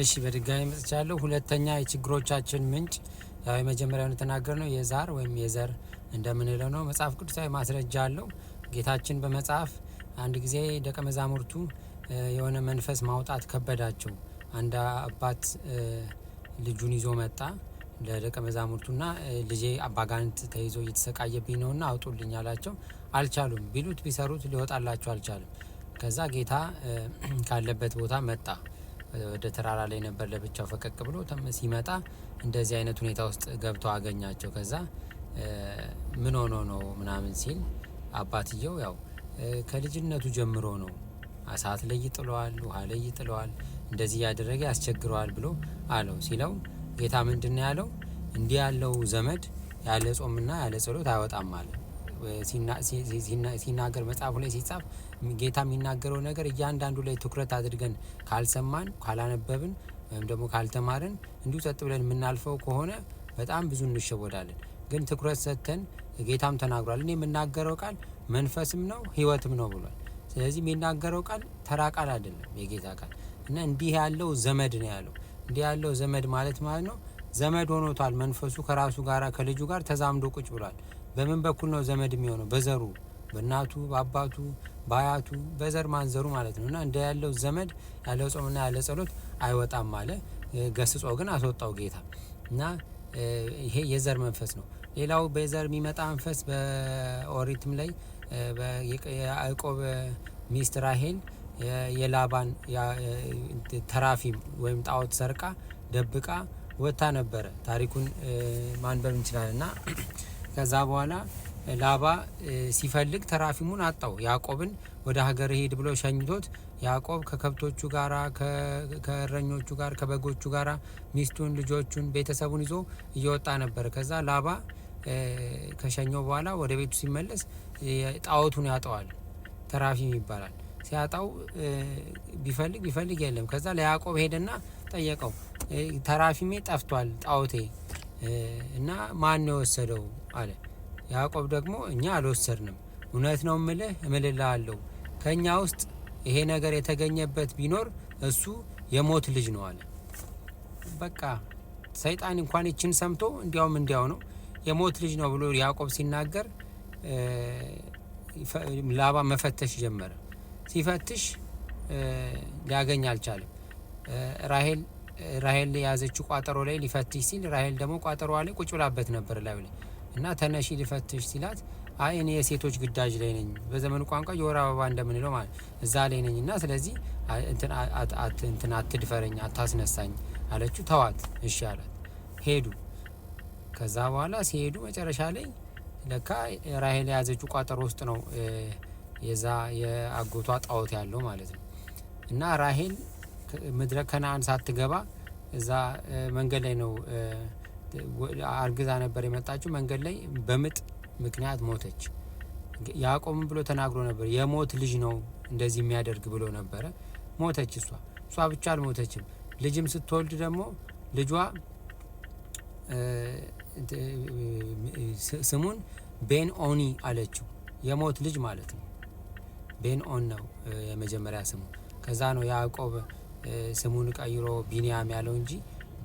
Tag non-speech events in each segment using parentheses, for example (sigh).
እሺ በድጋሚ መጥቻለሁ። ሁለተኛ የችግሮቻችን ምንጭ ያው የመጀመሪያውን ነው የዛር ወይም የዘር እንደምንለው ነው። መጽሐፍ ቅዱሳዊ ማስረጃ አለው። ጌታችን በመጽሐፍ አንድ ጊዜ ደቀ መዛሙርቱ የሆነ መንፈስ ማውጣት ከበዳቸው። አንድ አባት ልጁን ይዞ መጣ ለደቀ መዛሙርቱና ልጄ አባጋንት ተይዞ እየተሰቃየብኝ ነውና አውጡልኝ አላቸው። አልቻሉም። ቢሉት ቢሰሩት ሊወጣላቸው አልቻሉም ከዛ ጌታ ካለበት ቦታ መጣ። ወደ ተራራ ላይ ነበር ለብቻው ፈቀቅ ብሎ ሲመጣ እንደዚህ አይነት ሁኔታ ውስጥ ገብተው አገኛቸው። ከዛ ምን ሆኖ ነው ምናምን ሲል አባትየው ያው ከልጅነቱ ጀምሮ ነው እሳት ላይ ይጥለዋል፣ ውሃ ላይ ይጥለዋል፣ እንደዚህ እያደረገ ያስቸግረዋል ብሎ አለው ሲለው ጌታ ምንድን ነው ያለው? እንዲህ ያለው ዘመድ ያለ ጾምና ያለ ጸሎት አይወጣም አለ። ሲናገር መጽሐፉ ላይ ሲጻፍ ጌታ የሚናገረው ነገር እያንዳንዱ ላይ ትኩረት አድርገን ካልሰማን፣ ካላነበብን ወይም ደግሞ ካልተማርን እንዲሁ ጸጥ ብለን የምናልፈው ከሆነ በጣም ብዙ እንሸወዳለን። ግን ትኩረት ሰጥተን ጌታም ተናግሯል። እኔ የምናገረው ቃል መንፈስም ነው ሕይወትም ነው ብሏል። ስለዚህ የሚናገረው ቃል ተራ ቃል አይደለም የጌታ ቃል እና እንዲህ ያለው ዘመድ ነው ያለው። እንዲህ ያለው ዘመድ ማለት ማለት ነው ዘመድ ሆኖቷል። መንፈሱ ከራሱ ጋር ከልጁ ጋር ተዛምዶ ቁጭ ብሏል። በምን በኩል ነው ዘመድ የሚሆነው? በዘሩ በእናቱ በአባቱ በአያቱ በዘር ማንዘሩ ማለት ነው። እና እንደ ያለው ዘመድ ያለው ጾምና ያለ ጸሎት አይወጣም አለ። ገስጾ ግን አስወጣው ጌታ እና ይሄ የዘር መንፈስ ነው። ሌላው በዘር የሚመጣ መንፈስ በኦሪትም ላይ የያዕቆብ ሚስት ራሄል የላባን ተራፊም ወይም ጣዖት ሰርቃ ደብቃ ወጥታ ነበረ። ታሪኩን ማንበብ እንችላለን እና ከዛ በኋላ ላባ ሲፈልግ ተራፊሙን አጣው። ያዕቆብን ወደ ሀገር ሄድ ብሎ ሸኝቶት ያዕቆብ ከከብቶቹ ጋራ ከእረኞቹ ጋር ከበጎቹ ጋራ ሚስቱን፣ ልጆቹን፣ ቤተሰቡን ይዞ እየወጣ ነበር። ከዛ ላባ ከሸኘው በኋላ ወደ ቤቱ ሲመለስ ጣዖቱን ያጠዋል። ተራፊም ይባላል። ሲያጣው ቢፈልግ ቢፈልግ የለም። ከዛ ለያዕቆብ ሄደና ጠየቀው፣ ተራፊሜ ጠፍቷል፣ ጣዖቴ እና ማን ነው የወሰደው አለ። ያዕቆብ ደግሞ እኛ አልወሰድንም፣ እውነት ነው እምልህ እምልልሃለሁ ከእኛ ውስጥ ይሄ ነገር የተገኘበት ቢኖር እሱ የሞት ልጅ ነው አለ። በቃ ሰይጣን እንኳን ይችን ሰምቶ እንዲያውም እንዲያው ነው የሞት ልጅ ነው ብሎ ያዕቆብ ሲናገር ላባ መፈተሽ ጀመረ። ሲፈትሽ ሊያገኝ አልቻለም። ራሄል ራሄል የያዘችው ቋጠሮ ላይ ሊፈትሽ ሲል ራሄል ደግሞ ቋጠሮ ላይ ቁጭ ብላበት ነበር ላይ ላይ እና ተነሺ ልፈትሽ ሲላት አይ እኔ የሴቶች ግዳጅ ላይ ነኝ፣ በዘመኑ ቋንቋ የወር አበባ እንደምንለው ማለት እዛ ላይ ነኝ እና ስለዚህ እንትን አትድፈረኝ፣ አታስነሳኝ አለችው። ተዋት እሺ አላት። ሄዱ። ከዛ በኋላ ሲሄዱ መጨረሻ ላይ ለካ ራሄል የያዘችው ቋጠሮ ውስጥ ነው የዛ የአጎቷ ጣዖት ያለው ማለት ነው። እና ራሄል ምድረ ከነአን ሳትገባ እዛ መንገድ ላይ ነው አርግዛ ነበር የመጣችው። መንገድ ላይ በምጥ ምክንያት ሞተች። ያዕቆብም ብሎ ተናግሮ ነበር፣ የሞት ልጅ ነው እንደዚህ የሚያደርግ ብሎ ነበረ። ሞተች። እሷ እሷ ብቻ አልሞተችም። ልጅም ስትወልድ ደግሞ ልጇ ስሙን ቤን ኦኒ አለችው። የሞት ልጅ ማለት ነው። ቤን ኦን ነው የመጀመሪያ ስሙ። ከዛ ነው ያዕቆብ ስሙን ቀይሮ ቢንያም ያለው እንጂ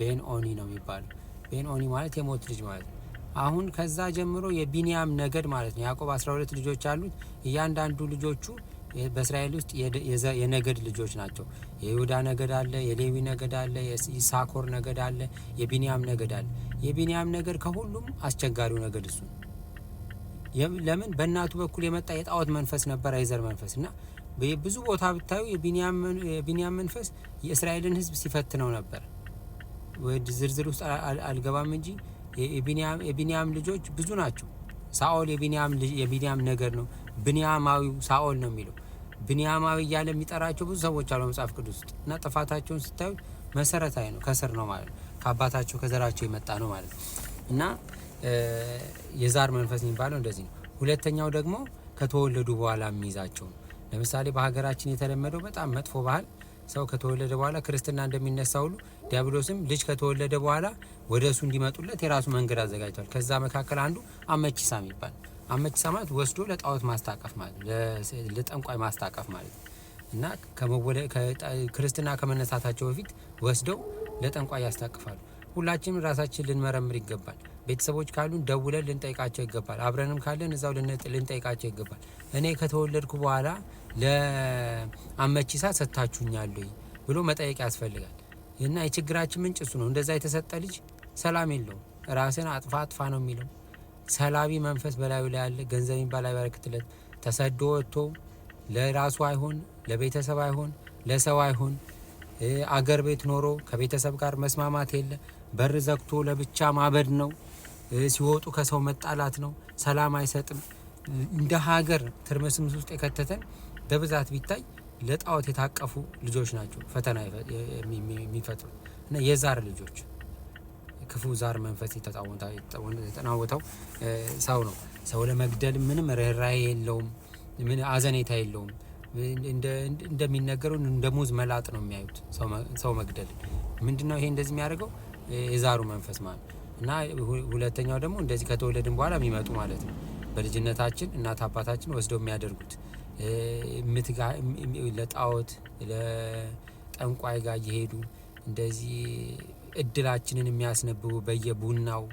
ቤን ኦኒ ነው የሚባለው። ቤንኦኒ ማለት የሞት ልጅ ማለት ነው። አሁን ከዛ ጀምሮ የቢንያም ነገድ ማለት ነው። ያዕቆብ 12 ልጆች አሉት። እያንዳንዱ ልጆቹ በእስራኤል ውስጥ የነገድ ልጆች ናቸው። የይሁዳ ነገድ አለ፣ የሌዊ ነገድ አለ፣ የይሳኮር ነገድ አለ፣ የቢንያም ነገድ አለ። የቢንያም ነገድ ከሁሉም አስቸጋሪው ነገድ እሱ ለምን በእናቱ በኩል የመጣ የጣዖት መንፈስ ነበር፣ አይዘር መንፈስ እና ብዙ ቦታ ብታዩ የቢንያም መንፈስ የእስራኤልን ሕዝብ ሲፈትነው ነበር። ወደ ዝርዝር ውስጥ አልገባም እንጂ የቢንያም ልጆች ብዙ ናቸው። ሳኦል የቢንያም ነገር ነው። ብንያማዊው ሳኦል ነው የሚለው ብንያማዊ እያለ የሚጠራቸው ብዙ ሰዎች አሉ መጽሐፍ ቅዱስ ውስጥ እና ጥፋታቸውን ስታዩ መሰረታዊ ነው። ከስር ነው ማለት ነው። ከአባታቸው ከዘራቸው የመጣ ነው ማለት ነው እና የዛር መንፈስ የሚባለው እንደዚህ ነው። ሁለተኛው ደግሞ ከተወለዱ በኋላ የሚይዛቸው ነው። ለምሳሌ በሀገራችን የተለመደው በጣም መጥፎ ባህል ሰው ከተወለደ በኋላ ክርስትና እንደሚነሳ ሁሉ ዲያብሎስም ልጅ ከተወለደ በኋላ ወደ እሱ እንዲመጡለት የራሱ መንገድ አዘጋጅቷል። ከዛ መካከል አንዱ አመቺሳ የሚባል አመቺሳ ማለት ወስዶ ለጣዖት ማስታቀፍ ማለት ለጠንቋይ ማስታቀፍ ማለት እና ክርስትና ከመነሳታቸው በፊት ወስደው ለጠንቋይ ያስታቅፋሉ። ሁላችንም ራሳችን ልንመረምር ይገባል። ቤተሰቦች ካሉን ደውለን ልንጠይቃቸው ይገባል። አብረንም ካለን እዛው ልንጠይቃቸው ይገባል። እኔ ከተወለድኩ በኋላ ለአመቺሳ ሰጥታችሁኛል ብሎ መጠየቅ ያስፈልጋል። እና የችግራችን ምንጭ እሱ ነው። እንደዛ የተሰጠ ልጅ ሰላም የለውም። ራስን አጥፋ አጥፋ ነው የሚለው። ሰላቢ መንፈስ በላዩ ላይ ያለ ገንዘብ የሚባል አይበረክትለት። ተሰዶ ወጥቶ ለራሱ አይሆን፣ ለቤተሰብ አይሆን፣ ለሰው አይሆን። አገር ቤት ኖሮ ከቤተሰብ ጋር መስማማት የለ። በር ዘግቶ ለብቻ ማበድ ነው። ሲወጡ ከሰው መጣላት ነው። ሰላም አይሰጥም። እንደ ሀገር ትርምስምስ ውስጥ የከተተን በብዛት ቢታይ ለጣዖት የታቀፉ ልጆች ናቸው ፈተና የሚፈጥሩ እና የዛር ልጆች ክፉ ዛር መንፈስ የተጠናወተው ሰው ነው። ሰው ለመግደል ምንም ርኅራኄ የለውም። ምን አዘኔታ የለውም። እንደሚነገሩ እንደ ሙዝ መላጥ ነው የሚያዩት ሰው መግደል። ምንድነው ይሄ እንደዚህ የሚያደርገው? የዛሩ መንፈስ ማለት እና ሁለተኛው ደግሞ እንደዚህ ከተወለድን በኋላ የሚመጡ ማለት ነው። በልጅነታችን እናት አባታችን ወስደው የሚያደርጉት ለጣዖት ለጠንቋይ ጋር እየሄዱ እንደዚህ እድላችንን የሚያስነብቡ በየቡናው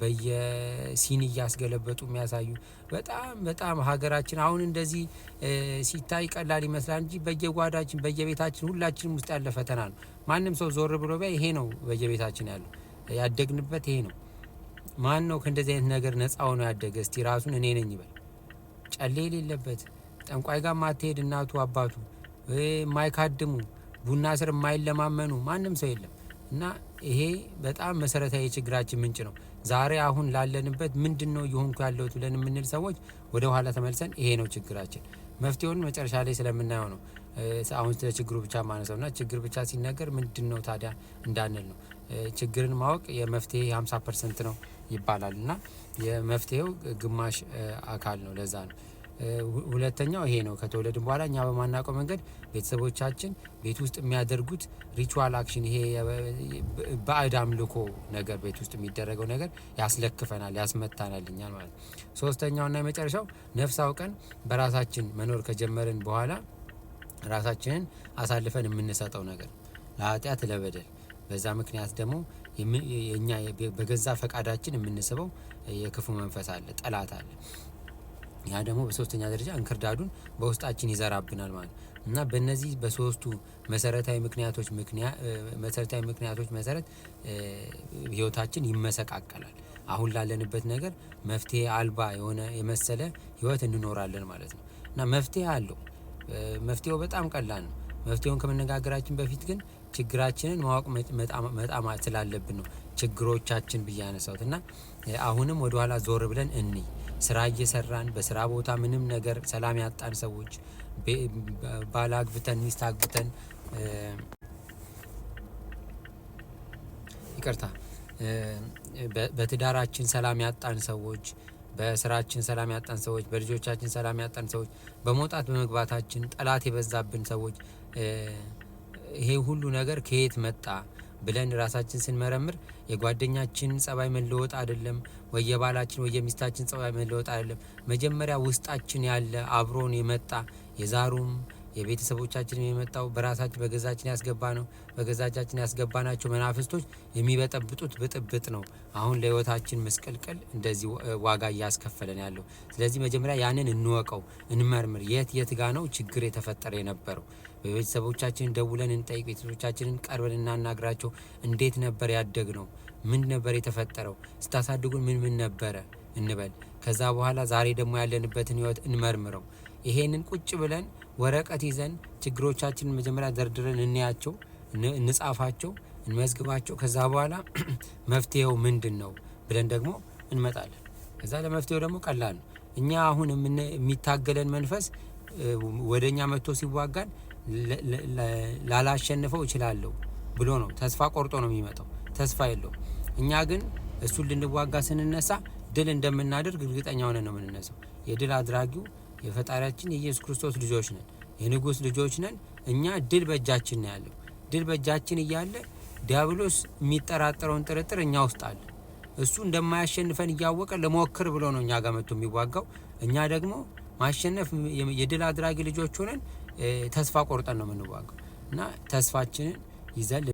በየሲኒ እያስገለበጡ የሚያሳዩ በጣም በጣም ሀገራችን አሁን እንደዚህ ሲታይ ቀላል ይመስላል እንጂ በየጓዳችን በየቤታችን ሁላችንም ውስጥ ያለ ፈተና ነው። ማንም ሰው ዞር ብሎ ቢያ ይሄ ነው በየቤታችን ያለው ያደግንበት ይሄ ነው። ማን ነው ከእንደዚህ አይነት ነገር ነፃ ሆኖ ያደገ? እስቲ ራሱን እኔ ነኝ ይበል። ጨሌ የሌለበት ጠንቋይ ጋር ማትሄድ እናቱ አባቱ የማይካድሙ ቡና ስር የማይለማመኑ ማንም ሰው የለም። እና ይሄ በጣም መሰረታዊ የችግራችን ምንጭ ነው። ዛሬ አሁን ላለንበት ምንድን ነው እየሆንኩ ያለሁት ብለን የምንል ሰዎች ወደ ኋላ ተመልሰን ይሄ ነው ችግራችን። መፍትሄውን መጨረሻ ላይ ስለምናየው ነው አሁን ስለ ችግሩ ብቻ ማነሰው እና ችግር ብቻ ሲነገር ምንድን ነው ታዲያ እንዳንል ነው። ችግርን ማወቅ የመፍትሄ 50 ፐርሰንት ነው ይባላል እና የመፍትሄው ግማሽ አካል ነው። ለዛ ነው። ሁለተኛው ይሄ ነው። ከተወለድን በኋላ እኛ በማናውቀው መንገድ ቤተሰቦቻችን ቤት ውስጥ የሚያደርጉት ሪቹዋል አክሽን፣ ይሄ ባዕድ አምልኮ ነገር ቤት ውስጥ የሚደረገው ነገር ያስለክፈናል፣ ያስመታናል እኛን ማለት ነው። ሶስተኛውና የመጨረሻው ነፍስ አውቀን በራሳችን መኖር ከጀመርን በኋላ ራሳችንን አሳልፈን የምንሰጠው ነገር ለኃጢአት፣ ለበደል በዛ ምክንያት ደግሞ እኛ በገዛ ፈቃዳችን የምንስበው የክፉ መንፈስ አለ፣ ጠላት አለ። ያ ደግሞ በሶስተኛ ደረጃ እንክርዳዱን በውስጣችን ይዘራብናል ማለት ነው እና በእነዚህ በሶስቱ መሰረታዊ ምክንያቶች መሰረታዊ ምክንያቶች መሰረት ህይወታችን ይመሰቃቀላል። አሁን ላለንበት ነገር መፍትሄ አልባ የሆነ የመሰለ ህይወት እንኖራለን ማለት ነው እና መፍትሄ አለው። መፍትሄው በጣም ቀላል ነው። መፍትሄውን ከመነጋገራችን በፊት ግን ችግራችንን ማወቅ መጣማ ስላለብን ነው ችግሮቻችን ብዬ እና አሁንም ወደኋላ ዞር ብለን እንይ። ስራ እየሰራን በስራ ቦታ ምንም ነገር ሰላም ያጣን ሰዎች ባል አግብተን ሚስት አግብተን ይቅርታ፣ በትዳራችን ሰላም ያጣን ሰዎች በስራችን ሰላም ያጣን ሰዎች በልጆቻችን ሰላም ያጣን ሰዎች በመውጣት በመግባታችን ጠላት የበዛብን ሰዎች ይሄ ሁሉ ነገር ከየት መጣ ብለን ራሳችን ስንመረምር የጓደኛችን ጸባይ መለወጥ አይደለም፣ ወይ የባላችን ወይ የሚስታችን ጸባይ መለወጥ አይደለም። መጀመሪያ ውስጣችን ያለ አብሮን የመጣ የዛሩም የቤተሰቦቻችን የመጣው በራሳችን በገዛችን ያስገባ ነው። በገዛቻችን ናቸው መናፍስቶች የሚበጠብጡት ብጥብጥ ነው። አሁን ለህይወታችን መስቀልቀል እንደዚህ ዋጋ እያስከፈለን ያለው። ስለዚህ መጀመሪያ ያንን እንወቀው፣ እንመርምር። የት የት ጋ ነው ችግር የተፈጠረ የነበረው በቤተሰቦቻችን ደውለን እንጠይቅ፣ ቤተሰቦቻችንን ቀርበን እናናግራቸው። እንዴት ነበር ያደግ ነው? ምን ነበር የተፈጠረው? ስታሳድጉን ምን ምን ነበረ እንበል። ከዛ በኋላ ዛሬ ደግሞ ያለንበትን ህይወት እንመርምረው። ይሄንን ቁጭ ብለን ወረቀት ይዘን ችግሮቻችንን መጀመሪያ ደርድረን እንያቸው፣ እንጻፋቸው፣ እንመዝግባቸው። ከዛ በኋላ (clears throat) መፍትሄው ምንድን ነው ብለን ደግሞ እንመጣለን። ከዛ ለመፍትሄው ደግሞ ቀላል ነው። እኛ አሁን የሚታገለን መንፈስ ወደ እኛ መጥቶ ሲዋጋን ላላሸንፈው እችላለሁ ብሎ ነው ተስፋ ቆርጦ ነው የሚመጣው። ተስፋ የለው። እኛ ግን እሱን ልንዋጋ ስንነሳ ድል እንደምናደርግ እርግጠኛ ሆነን ነው የምንነሳው። የድል አድራጊው የፈጣሪያችን የኢየሱስ ክርስቶስ ልጆች ነን፣ የንጉስ ልጆች ነን። እኛ ድል በእጃችን ነው ያለው። ድል በእጃችን እያለ ዲያብሎስ የሚጠራጠረውን ጥርጥር እኛ ውስጥ አለ። እሱ እንደማያሸንፈን እያወቀ ለሞክር ብሎ ነው እኛ ጋር መጥቶ የሚዋጋው። እኛ ደግሞ ማሸነፍ የድል አድራጊ ልጆች ሆነን ተስፋ ቆርጠን ነው የምንዋገው እና ተስፋችንን ይዘን